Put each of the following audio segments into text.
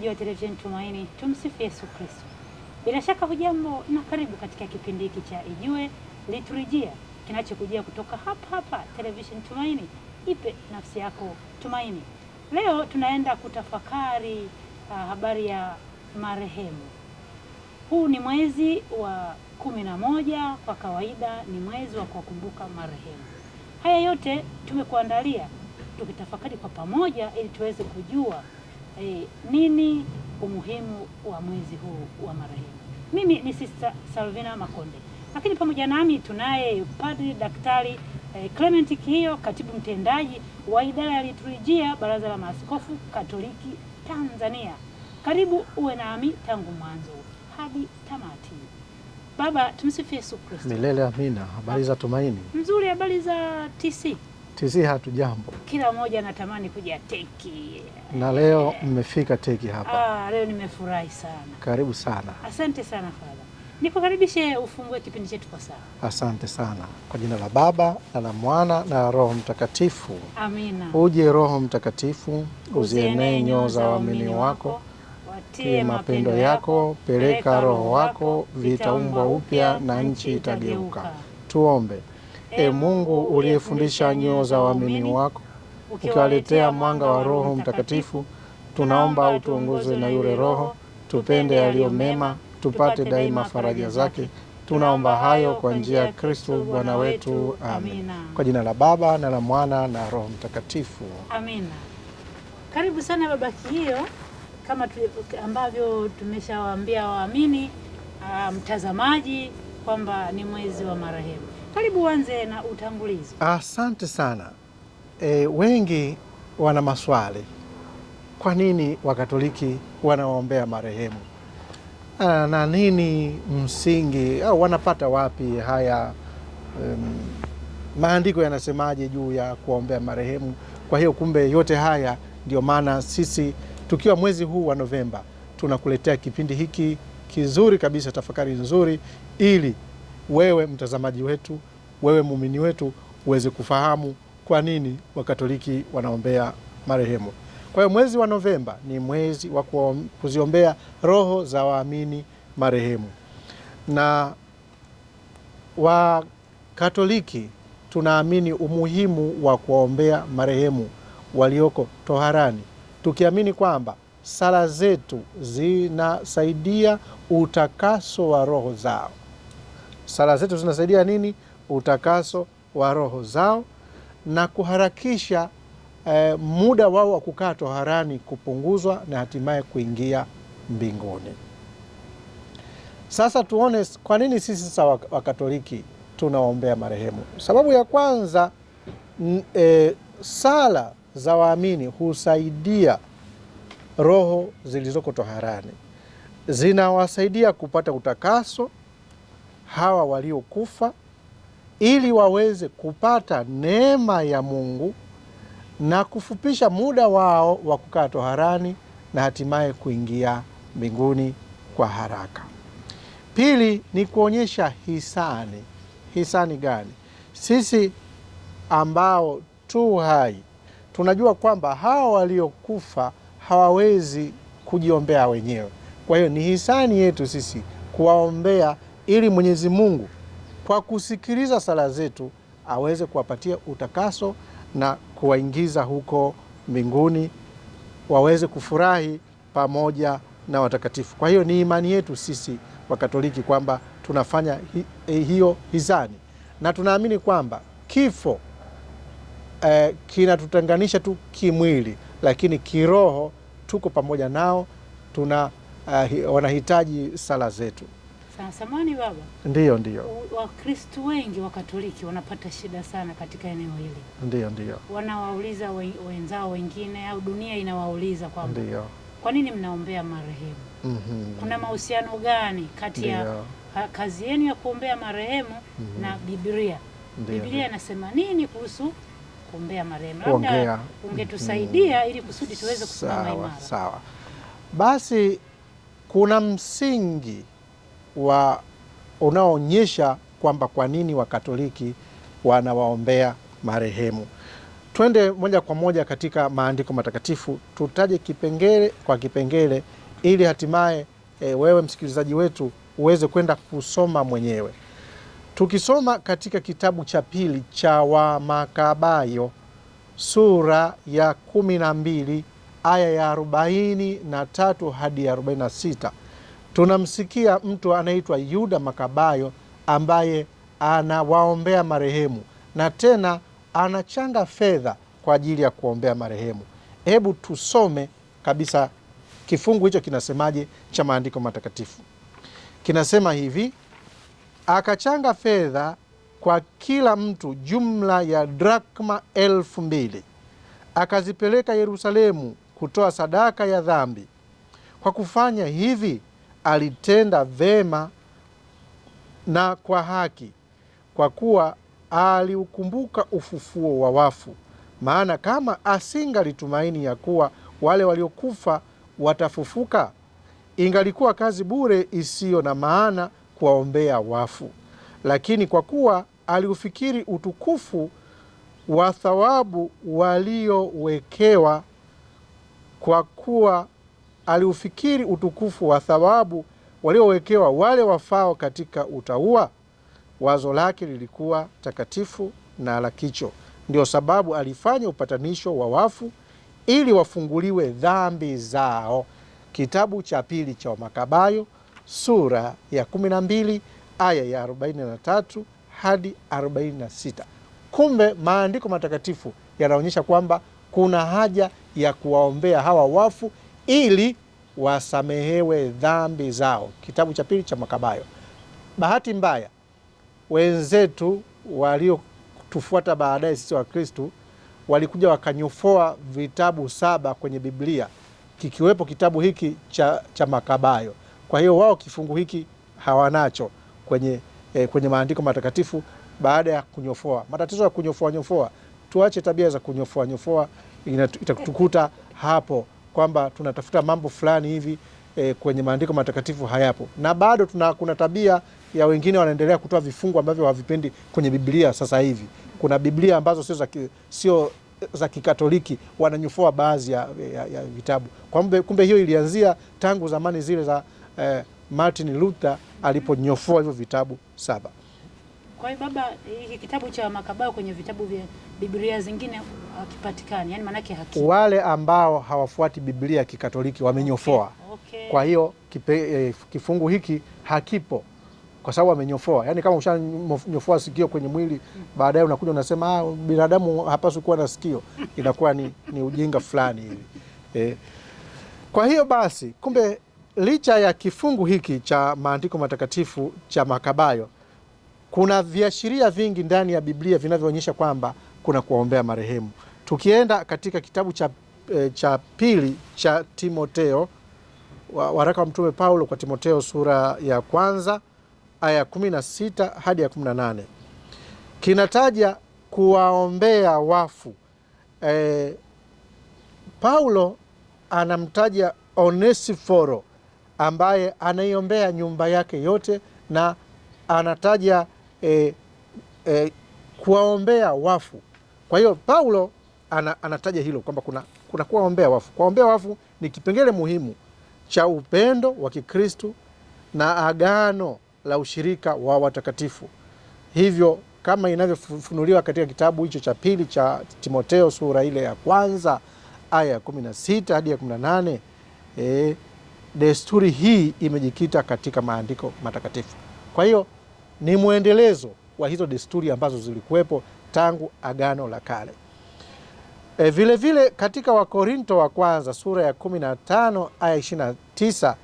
mtazamaji wa televisheni Tumaini, tumsifu Yesu Kristo. Bila shaka hujambo na karibu katika kipindi hiki cha Ijue Liturujia kinachokujia kutoka hapa hapa televisheni Tumaini. Ipe nafsi yako tumaini. Leo tunaenda kutafakari uh, habari ya marehemu. Huu ni mwezi wa kumi na moja, kwa kawaida ni mwezi wa kuwakumbuka marehemu. Haya yote tumekuandalia tukitafakari kwa pamoja, ili tuweze kujua eh, nini umuhimu wa mwezi huu wa marehemu. Mimi ni Sister Salvina Makonde, lakini pamoja nami tunaye Padri Daktari eh, Clement Kiyo, katibu mtendaji wa idara ya liturujia Baraza la Maaskofu Katoliki Tanzania. Karibu uwe nami tangu mwanzo hadi tamati. Baba, tumsifu Yesu Kristo. Milele amina. Habari za tumaini. Nzuri, habari za TC. TC jambo. kila mmoja anatamani kuja Teki na leo mmefika Teki hapa. Ah, leo nimefurahi sana. Karibu sana. Asante sana Father, nikukaribishe ufungue kipindi chetu kwa sawa. Asante sana kwa jina la Baba na la Mwana na la Roho Mtakatifu, amina. Uje Roho Mtakatifu, uzienee nyoyo za waamini wako, watie mapendo yako, peleka Roho wako, vitaumbwa upya na nchi itageuka. Tuombe. E Mungu uliyefundisha nyoo za waamini wako ukiwaletea mwanga wa Roho Mtakatifu, tunaomba utuongoze na yule Roho tupende yaliyo mema, tupate daima faraja zake. Tunaomba hayo kwa njia ya Kristo Bwana wetu, amina. Kwa jina la Baba na la Mwana na Roho Mtakatifu, amina. Karibu sana baba Kihio, kama tu, ambavyo tumeshawaambia waamini ah, mtazamaji um, kwamba ni mwezi wa marehemu karibu uanze na utangulizi. Asante sana. E, wengi wana maswali, kwa nini Wakatoliki wanaombea marehemu na nini msingi au wanapata wapi haya? Um, maandiko yanasemaje juu ya kuombea marehemu? Kwa hiyo kumbe yote haya ndio maana sisi tukiwa mwezi huu wa Novemba tunakuletea kipindi hiki kizuri kabisa, tafakari nzuri ili wewe mtazamaji wetu, wewe muumini wetu, uweze kufahamu kwa nini Wakatoliki wanaombea marehemu. Kwa hiyo mwezi wa Novemba ni mwezi wa kuziombea roho za waamini marehemu, na Wakatoliki tunaamini umuhimu wa kuwaombea marehemu walioko toharani, tukiamini kwamba sala zetu zinasaidia utakaso wa roho zao sala zetu zinasaidia nini? Utakaso wa roho zao na kuharakisha eh, muda wao wa kukaa toharani kupunguzwa na hatimaye kuingia mbinguni. Sasa tuone kwa nini sisi sasa Wakatoliki tunawaombea marehemu. Sababu ya kwanza e, sala za waamini husaidia roho zilizoko toharani, zinawasaidia kupata utakaso hawa waliokufa ili waweze kupata neema ya Mungu na kufupisha muda wao wa kukaa toharani na hatimaye kuingia mbinguni kwa haraka. Pili ni kuonyesha hisani. Hisani gani? Sisi ambao tu hai tunajua kwamba hawa waliokufa hawawezi kujiombea wenyewe, kwa hiyo ni hisani yetu sisi kuwaombea ili Mwenyezi Mungu kwa kusikiliza sala zetu aweze kuwapatia utakaso na kuwaingiza huko mbinguni waweze kufurahi pamoja na watakatifu. Kwa hiyo ni imani yetu sisi Wakatoliki kwamba tunafanya hi, e, hiyo hisani na tunaamini kwamba kifo eh, kinatutenganisha tu kimwili, lakini kiroho tuko pamoja nao tuna eh, wanahitaji sala zetu sana. Samani baba. ndio ndio, Wakristo wengi wa Katoliki wanapata shida sana katika eneo hili. Ndio ndio, Wanawauliza wenzao wengine au dunia inawauliza kwamba ndio, kwa nini mnaombea marehemu? mm -hmm. Kuna mahusiano gani kati ya kazi yenu ya kuombea marehemu mm -hmm. na Biblia? Ndiyo, Biblia inasema nini kuhusu kuombea marehemu? Labda ungetusaidia mm -hmm. ili kusudi tuweze kusimama imara. sawa. Basi kuna msingi wa unaoonyesha kwamba kwa nini Wakatoliki wanawaombea marehemu. Twende moja kwa moja katika maandiko matakatifu, tutaje kipengele kwa kipengele, ili hatimaye e, wewe msikilizaji wetu uweze kwenda kusoma mwenyewe. Tukisoma katika kitabu cha pili cha Wamakabayo sura ya kumi na mbili aya ya arobaini na tatu hadi arobaini na sita tunamsikia mtu anaitwa Yuda Makabayo ambaye anawaombea marehemu na tena anachanga fedha kwa ajili ya kuombea marehemu. Hebu tusome kabisa kifungu hicho kinasemaje cha maandiko matakatifu. Kinasema hivi, akachanga fedha kwa kila mtu jumla ya drakma elfu mbili akazipeleka Yerusalemu kutoa sadaka ya dhambi. Kwa kufanya hivi alitenda vema na kwa haki, kwa kuwa aliukumbuka ufufuo wa wafu. Maana kama asingalitumaini ya kuwa wale waliokufa watafufuka, ingalikuwa kazi bure isiyo na maana kuwaombea wafu. Lakini kwa kuwa aliufikiri utukufu wa thawabu waliowekewa, kwa kuwa aliufikiri utukufu wa thawabu waliowekewa wale wafao katika utaua Wazo lake lilikuwa takatifu na la kicho. Ndio sababu alifanya upatanisho wa wafu ili wafunguliwe dhambi zao. Kitabu cha pili cha Wamakabayo sura ya 12 aya ya 43 hadi 46. Kumbe maandiko matakatifu yanaonyesha kwamba kuna haja ya kuwaombea hawa wafu ili wasamehewe dhambi zao, kitabu cha pili cha Makabayo. Bahati mbaya wenzetu waliotufuata baadaye sisi Wakristu walikuja wakanyofoa vitabu saba kwenye Biblia kikiwepo kitabu hiki cha, cha Makabayo. Kwa hiyo wao kifungu hiki hawanacho kwenye, eh, kwenye maandiko matakatifu baada ya kunyofoa. Matatizo ya kunyofoa nyofoa, tuache tabia za kunyofoa nyofoa, itatukuta hapo kwamba tunatafuta mambo fulani hivi e, kwenye maandiko matakatifu hayapo, na bado tuna, kuna tabia ya wengine wanaendelea kutoa vifungu ambavyo havipendi kwenye Biblia. Sasa hivi kuna Biblia ambazo sio za sio za Kikatoliki wananyufua baadhi ya, ya, ya vitabu. Kumbe, kumbe hiyo ilianzia tangu zamani zile za eh, Martin Luther aliponyofua hivyo vitabu saba. Kwa hiyo baba, hiki kitabu cha makabao kwenye vitabu vya Biblia zingine hakipatikani, yani maanake haki. Wale ambao hawafuati Biblia Kikatoliki wamenyofoa. okay, okay. Kwa hiyo eh, kifungu hiki hakipo kwa sababu amenyofoa. Yaani kama ushanyofoa sikio kwenye mwili mm. baadaye unakuja unasema ah, binadamu hapaswi kuwa na sikio, inakuwa ni, ni ujinga fulani hivi eh. Kwa hiyo basi, kumbe licha ya kifungu hiki cha maandiko matakatifu cha makabayo kuna viashiria vingi ndani ya Biblia vinavyoonyesha kwamba kuna kuwaombea marehemu. Tukienda katika kitabu cha, e, cha pili cha Timoteo, waraka wa Mtume Paulo kwa Timoteo sura ya kwanza aya ya 16 hadi ya 18 kinataja kuwaombea wafu. E, Paulo anamtaja Onesiforo ambaye anaiombea nyumba yake yote na anataja e, e, kuwaombea wafu. Kwa hiyo Paulo ana, anataja hilo kwamba kuna, kuna kuwaombea wafu. Kuwaombea wafu ni kipengele muhimu cha upendo wa Kikristu na agano la ushirika wa watakatifu. Hivyo kama inavyofunuliwa katika kitabu hicho cha pili cha Timoteo sura ile ya kwanza aya ya 16 hadi ya 18. E, desturi hii imejikita katika maandiko matakatifu. Kwa hiyo ni mwendelezo wa hizo desturi ambazo zilikuwepo tangu Agano la Kale. E, vile vile katika Wakorinto wa kwanza sura ya 15 aya 29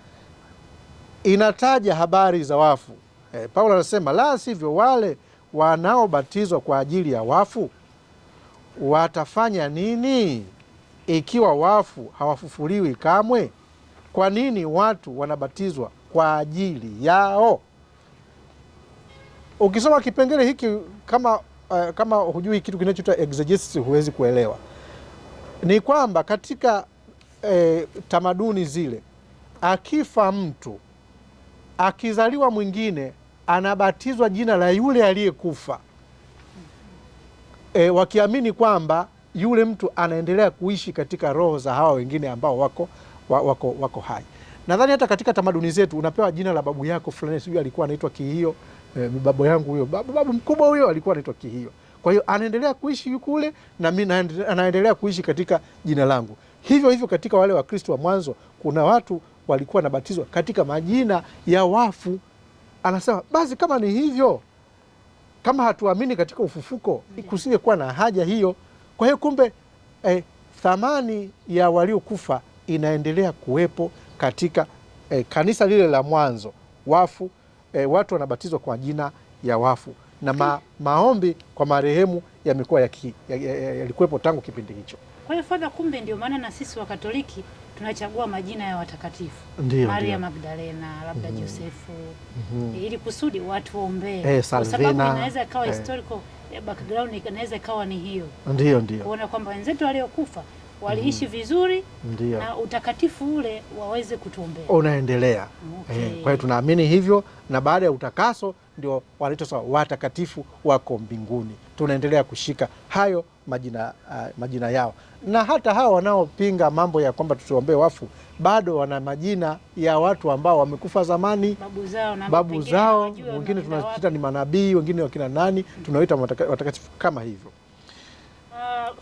inataja habari za wafu. E, Paulo anasema la sivyo, wale wanaobatizwa kwa ajili ya wafu watafanya nini ikiwa wafu hawafufuliwi kamwe? Kwa nini watu wanabatizwa kwa ajili yao? ukisoma kipengele hiki kama, uh, kama hujui kitu kinachoitwa exegesis huwezi kuelewa. Ni kwamba katika eh, tamaduni zile akifa mtu akizaliwa mwingine anabatizwa jina la yule aliyekufa, e, wakiamini kwamba yule mtu anaendelea kuishi katika roho za hawa wengine ambao wako, wako, wako hai. Nadhani hata katika tamaduni zetu unapewa jina la babu yako fulani, sijui alikuwa anaitwa kihio eh, babu yangu huyo, babu, babu mkubwa huyo alikuwa anaitwa Kihio. Kwa hiyo anaendelea kuishi kule na mimi anaendelea kuishi katika jina langu. Hivyo hivyo katika wale Wakristo wa mwanzo kuna watu walikuwa wanabatizwa katika majina ya wafu. Anasema basi kama ni hivyo, kama hatuamini katika ufufuko, kuwa na haja hiyo. Kwa hiyo kumbe, eh, thamani ya waliokufa inaendelea kuwepo katika eh, kanisa lile la mwanzo, wafu e, watu wanabatizwa kwa jina ya wafu na ma, maombi kwa marehemu yamekuwa yalikuwepo ya, ya, ya tangu kipindi hicho. Kwa hiyo Fadha, kumbe ndio maana na sisi wa Katoliki tunachagua majina ya watakatifu ndiyo, Maria Magdalena labda mm -hmm. Josefu mm -hmm. ili kusudi watu waombee eh, kwa sababu inaweza ikawa eh, historical eh, background inaweza ikawa ni hiyo, ndio ndio kuona kwamba wenzetu waliokufa waliishi vizuri Ndiyo. na utakatifu ule waweze kutuombea unaendelea. Okay. Eh, kwa hiyo tunaamini hivyo, na baada ya utakaso ndio wanaitwa watakatifu wako mbinguni. Tunaendelea kushika hayo majina, uh, majina yao, na hata hawa wanaopinga mambo ya kwamba tusiombee wafu bado wana majina ya watu ambao wamekufa zamani, babu zao, babu zao. Wengine tunaita ni manabii, wengine wakina nani, tunaoita watakatifu kama hivyo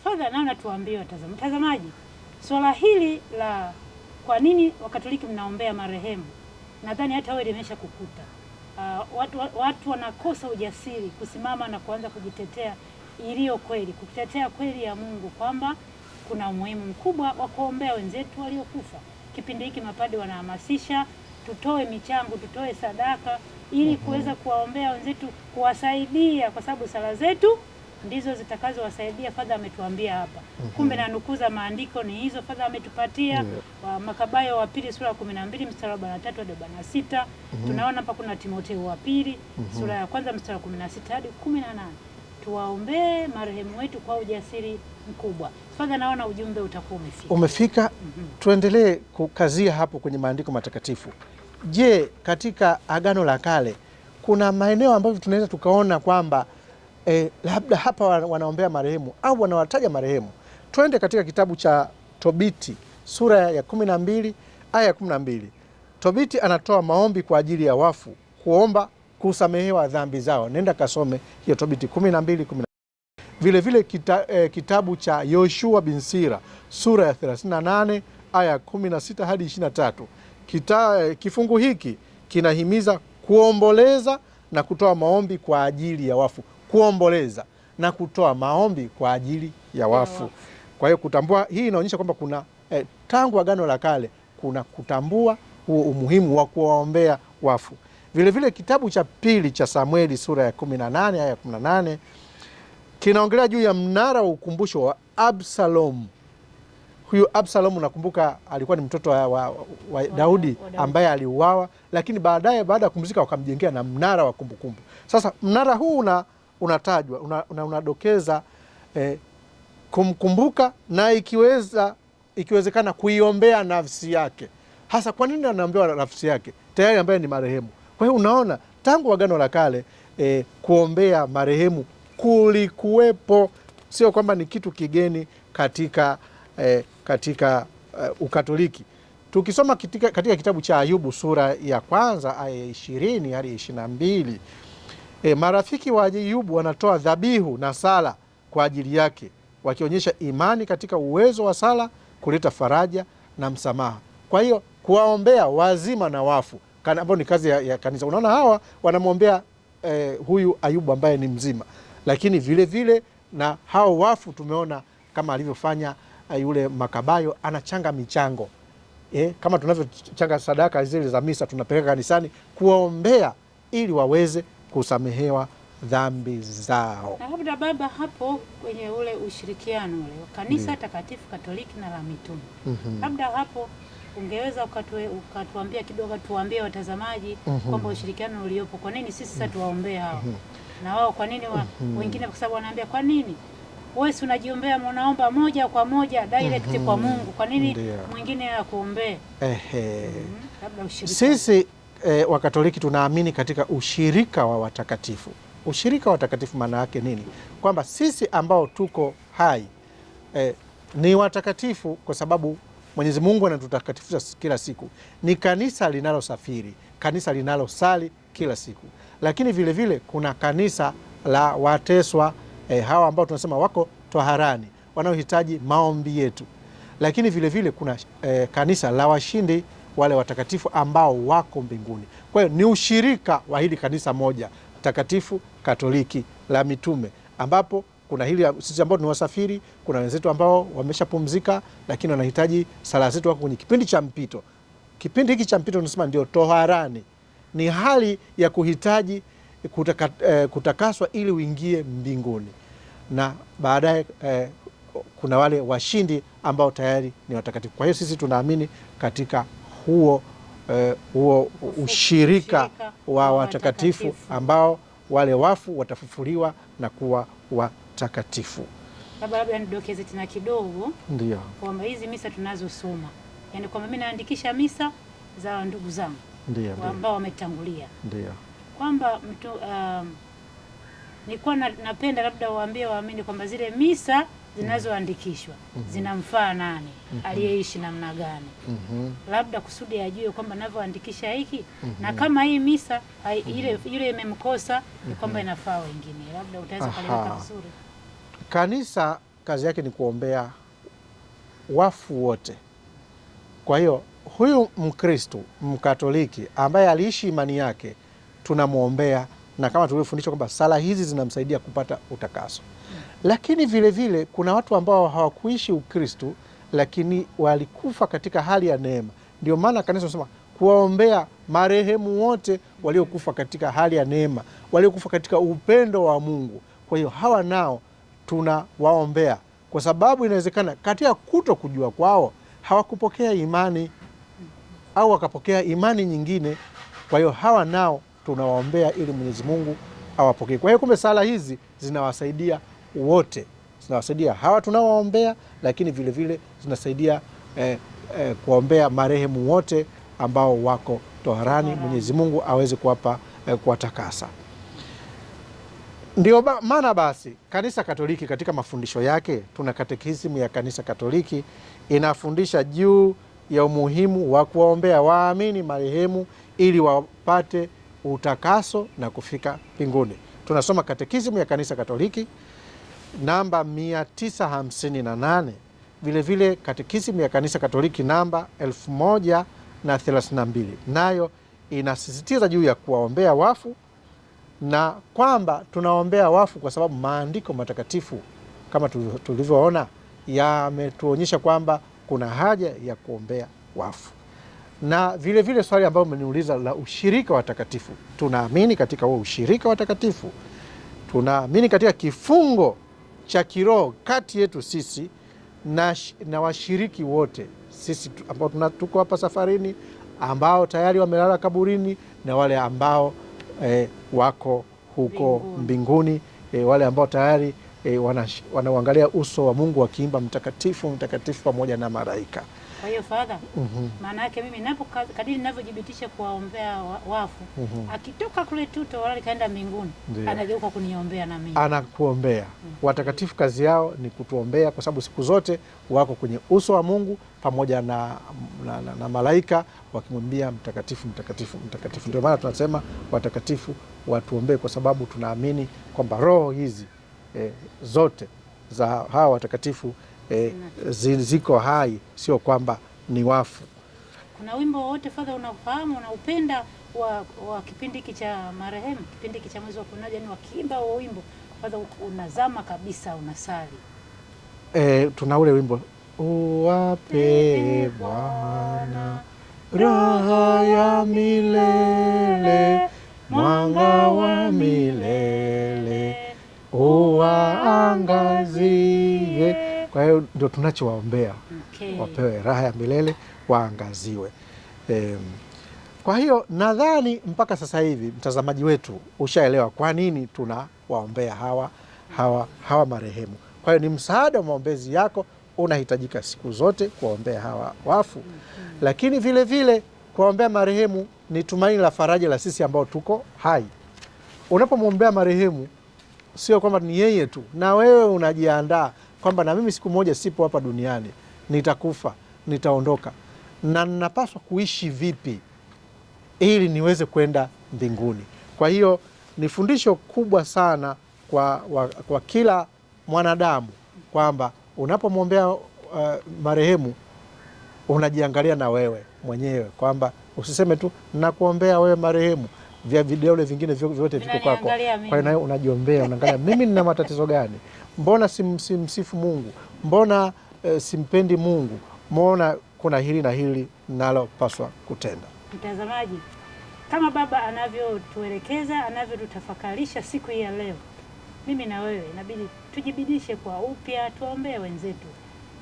fadha nao tuambie watazamaji, mtazamaji, swala hili la kwa nini Wakatoliki mnaombea marehemu, nadhani hata wewe limesha kukuta. Uh, watu, watu wanakosa ujasiri kusimama na kuanza kujitetea iliyo kweli, kutetea kweli ya Mungu kwamba kuna umuhimu mkubwa wa kuombea wenzetu waliokufa. Kipindi hiki mapadi wanahamasisha tutoe michango, tutoe sadaka ili mhm. kuweza kuwaombea wenzetu, kuwasaidia kwa sababu sala zetu ndizo zitakazowasaidia. Fadha ametuambia hapa mm -hmm. Kumbe na nukuu za maandiko ni hizo fadha ametupatia yeah. wa Makabayo wa pili sura ya kumi na mbili mstari wa arobaini na tatu hadi arobaini na sita mm -hmm. Tunaona hapa kuna Timotheo wa pili mm -hmm. sura ya kwanza mstari wa kumi na sita hadi kumi na nane tuwaombee marehemu wetu kwa ujasiri mkubwa. Fadha, naona ujumbe utakuwa umefika, umefika. Mm -hmm. Tuendelee kukazia hapo kwenye maandiko matakatifu. Je, katika Agano la Kale kuna maeneo ambayo tunaweza tukaona kwamba e, labda hapa wanaombea marehemu au wanawataja marehemu. Twende katika kitabu cha Tobiti sura ya kumi na mbili aya ya kumi na mbili. Tobiti anatoa maombi kwa ajili ya wafu kuomba kusamehewa dhambi zao. Nenda kasome hiyo Tobiti kumi na mbili kumi na vile vile kita, eh, kitabu cha Yoshua bin Sira sura ya 38 aya 16 hadi 23. Kita, eh, kifungu hiki kinahimiza kuomboleza na kutoa maombi kwa ajili ya wafu kuomboleza na kutoa maombi kwa ajili ya wafu. Kwa hiyo kutambua, hii inaonyesha kwamba kuna eh, tangu Agano la Kale kuna kutambua huo umuhimu wa kuwaombea wafu. Vilevile vile kitabu cha pili cha Samueli sura ya 18 aya ya 18 kinaongelea juu ya mnara wa ukumbusho wa Absalom. Huyu Absalom nakumbuka alikuwa ni mtoto wa, wa, wa Daudi ambaye aliuawa, lakini baadaye baada ya kumzika wakamjengea na mnara wa kumbukumbu. Sasa mnara huu una unatajwa una, una, unadokeza eh, kumkumbuka na ikiweza ikiwezekana kuiombea nafsi yake. Hasa kwa nini anaambiwa nafsi yake tayari ambaye ni marehemu? Kwa hiyo unaona tangu Agano la Kale eh, kuombea marehemu kulikuwepo, sio kwamba ni kitu kigeni katika eh, katika eh, Ukatoliki. Tukisoma katika, katika kitabu cha Ayubu sura ya kwanza aya ya ishirini hadi ya ishirini na mbili E, marafiki wa Ayubu wanatoa dhabihu na sala kwa ajili yake wakionyesha imani katika uwezo wa sala kuleta faraja na msamaha. Kwa hiyo kuwaombea wazima na wafu ambao ni kazi ya, ya kanisa. Unaona hawa wanamwombea eh, huyu Ayubu ambaye ni mzima, lakini vile vile na hao wafu tumeona kama alivyofanya e, yule Makabayo anachanga michango eh, kama tunavyochanga sadaka zile za misa tunapeleka kanisani kuwaombea ili waweze kusamehewa dhambi zao. labda baba, hapo kwenye ule ushirikiano ule wa kanisa takatifu Katoliki na la mitume mm -hmm. labda hapo ungeweza ukatuambia kidogo, tuambie watazamaji mm -hmm. kwamba ushirikiano uliopo, kwa nini sisi sasa mhm. tuwaombee hao mm -hmm. na wao kwa nini wa, mm -hmm. wengine, kwa sababu wanaambia kwa nini wewe si unajiombea, unaomba moja kwa moja direct mm -hmm. kwa mhm. Mungu, kwa nini mwingine akuombee? Ehe, mhm. labda ushirikiano sisi e, Wakatoliki tunaamini katika ushirika wa watakatifu. Ushirika wa watakatifu maana yake nini? Kwamba sisi ambao tuko hai e, ni watakatifu kwa sababu Mwenyezi Mungu kila siku. Ni kanisa linalosafiri, kanisa linalosali kila siku, lakini vilevile vile, kuna kanisa la wateswa e, hawa ambao tunasema wako twaharani, wanaohitaji maombi yetu, lakini vilevile vile, kuna e, kanisa la washindi wale watakatifu ambao wako mbinguni. Kwa hiyo ni ushirika wa hili kanisa moja takatifu Katoliki la mitume ambapo kuna hili sisi ambao ni wasafiri, kuna wenzetu ambao wameshapumzika, lakini wanahitaji sala zetu, wako kwenye kipindi cha mpito. Kipindi hiki cha mpito tunasema ndio toharani, ni hali ya kuhitaji kutaka, eh, kutakaswa ili uingie mbinguni, na baadaye eh, kuna wale washindi ambao tayari ni watakatifu. Kwa hiyo sisi tunaamini katika huo, eh, huo ushirika wa watakatifu ambao wale wafu watafufuliwa na kuwa watakatifu. Labda labda nidokeze tena kidogo, ndio kwamba hizi misa tunazosoma, yani kwamba mimi naandikisha misa za ndugu zangu ambao wametangulia, ndio kwamba mtu um, nilikuwa napenda labda waambie waamini kwamba zile misa zinazoandikishwa mm -hmm. zinamfaa nani mm -hmm. aliyeishi namna gani mm -hmm. labda kusudi ajue kwamba navyoandikisha hiki mm -hmm. na mhm. kama hii misa mhm. ile imemkosa mm -hmm. ni kwamba mhm. inafaa wengine, labda utaweza kueleweka vizuri. Kanisa kazi yake ni kuombea wafu wote. Kwa hiyo huyu mkristu Mkatoliki ambaye aliishi imani yake tunamwombea, na kama tulivyofundishwa kwamba sala hizi zinamsaidia kupata utakaso. Lakini vile vile kuna watu ambao hawakuishi Ukristo, lakini walikufa katika hali ya neema. Ndio maana kanisa nasema kuwaombea marehemu wote waliokufa katika hali ya neema, waliokufa katika upendo wa Mungu. Kwa hiyo hawa nao tunawaombea, kwa sababu inawezekana katika kuto kujua kwao hawakupokea imani au wakapokea imani nyingine. Kwa hiyo hawa nao tunawaombea ili Mwenyezi Mungu awapokee. Kwa hiyo kumbe, sala hizi zinawasaidia wote, zinawasaidia hawa tunaowaombea, lakini vilevile zinasaidia eh, eh, kuombea marehemu wote ambao wako toharani, Mwenyezi Mungu aweze kuwapa eh, kuwatakasa. Ndio ba, maana basi Kanisa Katoliki katika mafundisho yake tuna katekisimu ya Kanisa Katoliki inafundisha juu ya umuhimu wa kuwaombea waamini marehemu ili wapate utakaso na kufika mbinguni. Tunasoma katekisimu ya Kanisa Katoliki namba 958 vilevile katekisimu ya kanisa Katoliki namba 1032 nayo inasisitiza juu ya kuwaombea wafu na kwamba tunaombea wafu kwa sababu maandiko matakatifu kama tulivyoona yametuonyesha kwamba kuna haja ya kuombea wafu. Na vile vile swali ambalo umeniuliza la ushirika wa takatifu tunaamini katika huo ushirika watakatifu, tunaamini katika kifungo cha kiroho kati yetu sisi na, na washiriki wote sisi ambao tuko hapa safarini, ambao tayari wamelala kaburini na wale ambao eh, wako huko mbinguni, mbinguni eh, wale ambao tayari eh, wanauangalia uso wa Mungu wakiimba mtakatifu mtakatifu pamoja na malaika. Kwa hiyo fadha, mhm. maana yake mimi napo kadiri ninavyojibitisha kuwaombea wafu, mhm. akitoka kule tu tawala kaenda mbinguni, anageuka kuniombea na mimi. Anakuombea. Mhm. Watakatifu kazi yao ni kutuombea, kwa sababu siku zote wako kwenye uso wa Mungu pamoja na, na, na, na malaika wakimwambia mtakatifu, mtakatifu, mtakatifu. Ndio maana tunasema watakatifu watuombee, kwa sababu tunaamini kwamba roho hizi eh, zote za hawa watakatifu eh, ziko hai, sio kwamba ni wafu. Kuna wimbo wote fadha unaofahamu unaupenda wa, wa kipindi hiki cha marehemu, kipindi hiki cha mwezi wa kunaja, ni wakiimba wa wimbo fadha unazama kabisa, unasali eh, tuna ule wimbo uwape ee Bwana raha ya milele mwanga wa milele uwaangazie kwa hiyo ndio tunachowaombea okay. Wapewe raha ya milele waangaziwe. E, kwa hiyo nadhani mpaka sasa hivi mtazamaji wetu ushaelewa kwa nini tunawaombea hawa, hawa, hawa marehemu. Kwa hiyo ni msaada wa maombezi yako unahitajika siku zote kuwaombea hawa wafu mm -hmm. Lakini vilevile kuwaombea marehemu ni tumaini la faraja la sisi ambao tuko hai. Unapomwombea marehemu sio kwamba ni yeye tu, na wewe unajiandaa kwamba na mimi siku moja sipo hapa duniani, nitakufa, nitaondoka, na ninapaswa kuishi vipi ili niweze kwenda mbinguni. Kwa hiyo ni fundisho kubwa sana kwa, wa, kwa kila mwanadamu kwamba unapomwombea uh, marehemu unajiangalia na wewe mwenyewe kwamba usiseme tu nakuombea wewe marehemu, vya vidole vingine vyote viko kwako. Kwa hiyo unajiombea, unaangalia mimi nina matatizo gani? Mbona simsifu sim, Mungu? Mbona eh, simpendi Mungu? Mbona kuna hili na hili nalopaswa kutenda. Mtazamaji, kama baba anavyotuelekeza, anavyotutafakarisha siku hii ya leo, mimi na wewe inabidi tujibidishe kwa upya, tuombee wenzetu.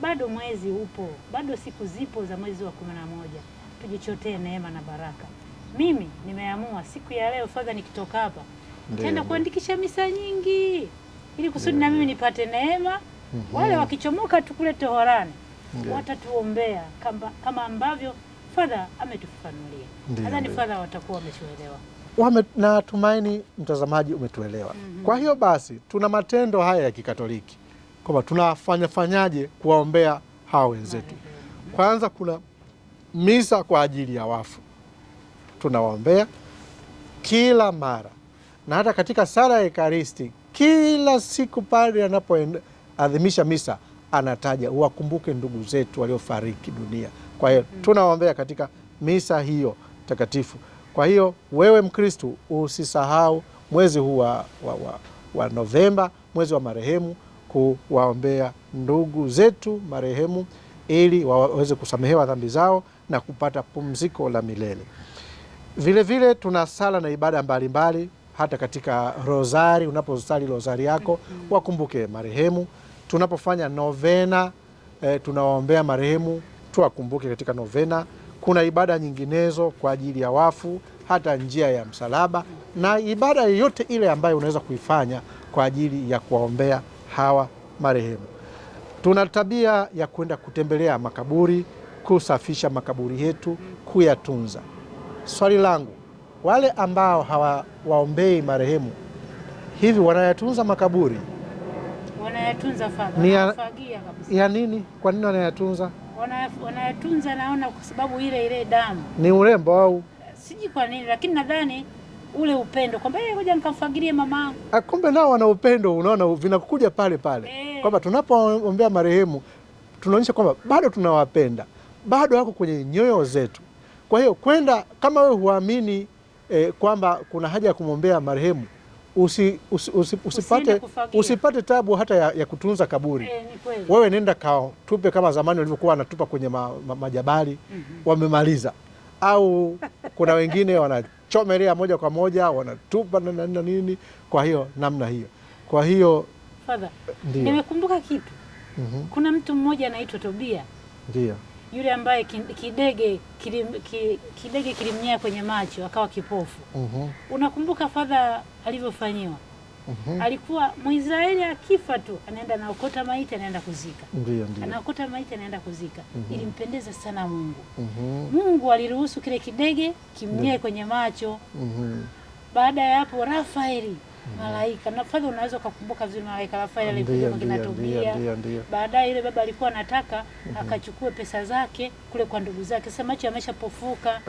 Bado mwezi upo, bado siku zipo za mwezi wa kumi na moja, tujichotee neema na baraka mimi nimeamua siku ya leo fadha, nikitoka hapa nitaenda kuandikisha misa nyingi ili kusudi na mimi nipate neema. mm -hmm. Wale wakichomoka tu kule toharani watatuombea kama, kama ambavyo fadha ametufafanulia. Nadhani fadha watakuwa wameshuelewa. Wame, na tumaini mtazamaji umetuelewa. mm -hmm. Kwa hiyo basi tuna matendo haya ya Kikatoliki kwamba tunafanyafanyaje kuwaombea hawa wenzetu. Kwanza kuna misa kwa ajili ya wafu tunawaombea kila mara, na hata katika sala ya Ekaristi kila siku padri anapoadhimisha misa anataja wakumbuke ndugu zetu waliofariki dunia. Kwa hiyo mm. tunawaombea katika misa hiyo takatifu. Kwa hiyo wewe Mkristu usisahau mwezi huu wa, wa, wa, wa Novemba, mwezi wa marehemu, kuwaombea ndugu zetu marehemu ili waweze kusamehewa dhambi zao na kupata pumziko la milele. Vile vile tuna sala na ibada mbalimbali mbali, hata katika rosari unaposali rosari yako mm -hmm. wakumbuke marehemu. Tunapofanya novena eh, tunawaombea marehemu, tuwakumbuke katika novena. Kuna ibada nyinginezo kwa ajili ya wafu, hata njia ya msalaba na ibada yoyote ile ambayo unaweza kuifanya kwa ajili ya kuwaombea hawa marehemu. Tuna tabia ya kwenda kutembelea makaburi, kusafisha makaburi yetu, mm-hmm. kuyatunza. Swali langu wale ambao hawaombei marehemu hivi wanayatunza makaburi? Wanayatunza fadha, ni ya, ya nini? Kwa nini wanayatunza? Wanayatunza naona kwa sababu ile ile damu ni urembo au siji kwa nini, lakini nadhani ule upendo kwamba eh, ngoja nikamfagilie mamangu. Ah, kumbe nao wana upendo, unaona vinakuja pale pale e, kwamba tunapoombea marehemu tunaonyesha kwamba bado tunawapenda, bado wako kwenye nyoyo zetu. Kwa hiyo kwenda kama wewe huamini eh, kwamba kuna haja ya kumwombea marehemu usi, usi, usi, usipate, usipate tabu hata ya, ya kutunza kaburi e, wewe nenda kao tupe kama zamani walivyokuwa wanatupa kwenye ma, ma, majabali mm -hmm. Wamemaliza au kuna wengine wanachomelea moja kwa moja wanatupa na nini, kwa hiyo namna hiyo. Kwa hiyo nimekumbuka kitu mm -hmm. Kuna mtu mmoja anaitwa Tobia ndio yule ambaye kidege kilim, kidege kilimnyea kwenye macho akawa kipofu. Uhum. Unakumbuka fadha alivyofanyiwa? Uhum. Alikuwa Mwisraeli akifa tu anaenda naokota maiti anaenda kuzika. Ndiyo, ndiyo. Anaokota maiti anaenda kuzika. Uhum. Ilimpendeza sana Mungu. Uhum. Mungu aliruhusu kile kidege kimnyee kwenye macho. Uhum. Baada ya hapo Rafaeli Mm. malaika. Nafaga unaweza ukakumbuka vizuri malaika Rafael alikuja Baadaye ile baba alikuwa anataka mm -hmm. akachukue pesa zake kule kwa ndugu zake. sema macho ameshapofuka.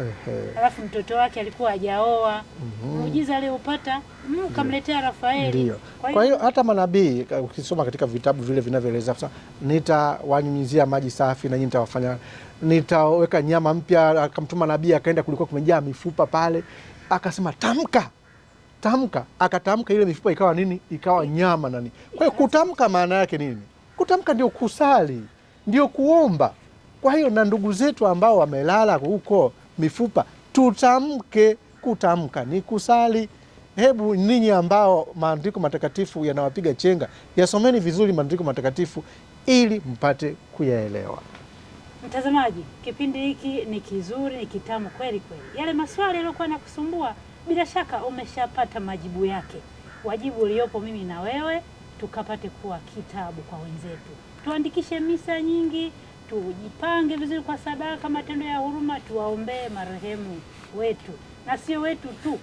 Alafu mtoto wake alikuwa hajaoa. Mhm. Muujiza mm -hmm. kamletea Rafael. Kwa hiyo hata manabii ukisoma katika vitabu vile vinavyoeleza sasa nitawanyunyizia maji safi na nyinyi nitawafanya nitaweka nyama mpya. Akamtuma nabii akaenda, kulikuwa kumejaa mifupa pale, akasema tamka tamka, akatamka ile mifupa ikawa nini, ikawa nyama na nini. Kwa hiyo kutamka maana yake nini? Kutamka ndio kusali, ndio kuomba. Kwa hiyo na ndugu zetu ambao wamelala huko mifupa, tutamke. Kutamka ni kusali. Hebu ninyi ambao maandiko matakatifu yanawapiga chenga, yasomeni vizuri maandiko matakatifu ili mpate kuyaelewa. Mtazamaji, kipindi hiki ni kizuri, ni kitamu kweli kweli. Yale maswali yaliyokuwa nakusumbua bila shaka umeshapata majibu yake. Wajibu uliopo mimi na wewe tukapate kuwa kitabu kwa wenzetu, tuandikishe misa nyingi, tujipange vizuri kwa sadaka, matendo ya huruma, tuwaombee marehemu wetu, na sio wetu tu,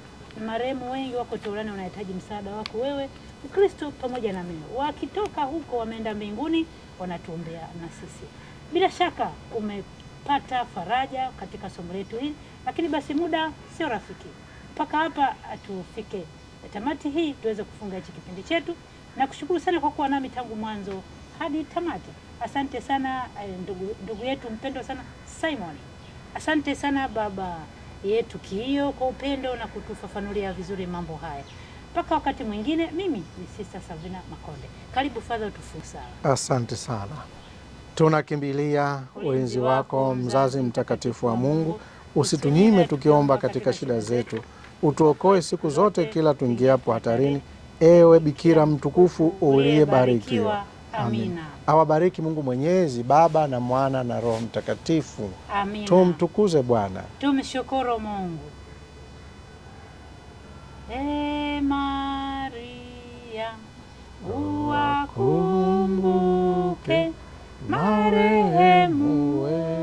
marehemu wengi wako taulani, wanahitaji msaada wako wewe Mkristo pamoja na mimi. Wakitoka huko wameenda mbinguni, wanatuombea na sisi. Bila shaka umepata faraja katika somo letu hili, lakini basi muda sio rafiki mpaka hapa tufike tamati hii tuweze kufunga hichi kipindi chetu, na kushukuru sana kwa kuwa nami tangu mwanzo hadi tamati. Asante sana eh, ndugu, ndugu yetu mpendwa sana Simon. Asante sana baba yetu Kiio kwa upendo na kutufafanulia vizuri mambo haya. Mpaka wakati mwingine, mimi ni Sister Savina Makonde. Karibu Father, tufunge. Asante sana, tunakimbilia ulinzi wako mzazi mtakatifu wa Mungu, usitunyime tukiomba katika shida zetu utuokoe siku zote kila tuingiapo hatarini, ewe Bikira mtukufu uliyebarikiwa. Amina. Awabariki Mungu Mwenyezi, Baba na Mwana na Roho Mtakatifu. Amina. Tumtukuze Bwana, tumshukuru Mungu. E Maria, uwakumbuke marehemu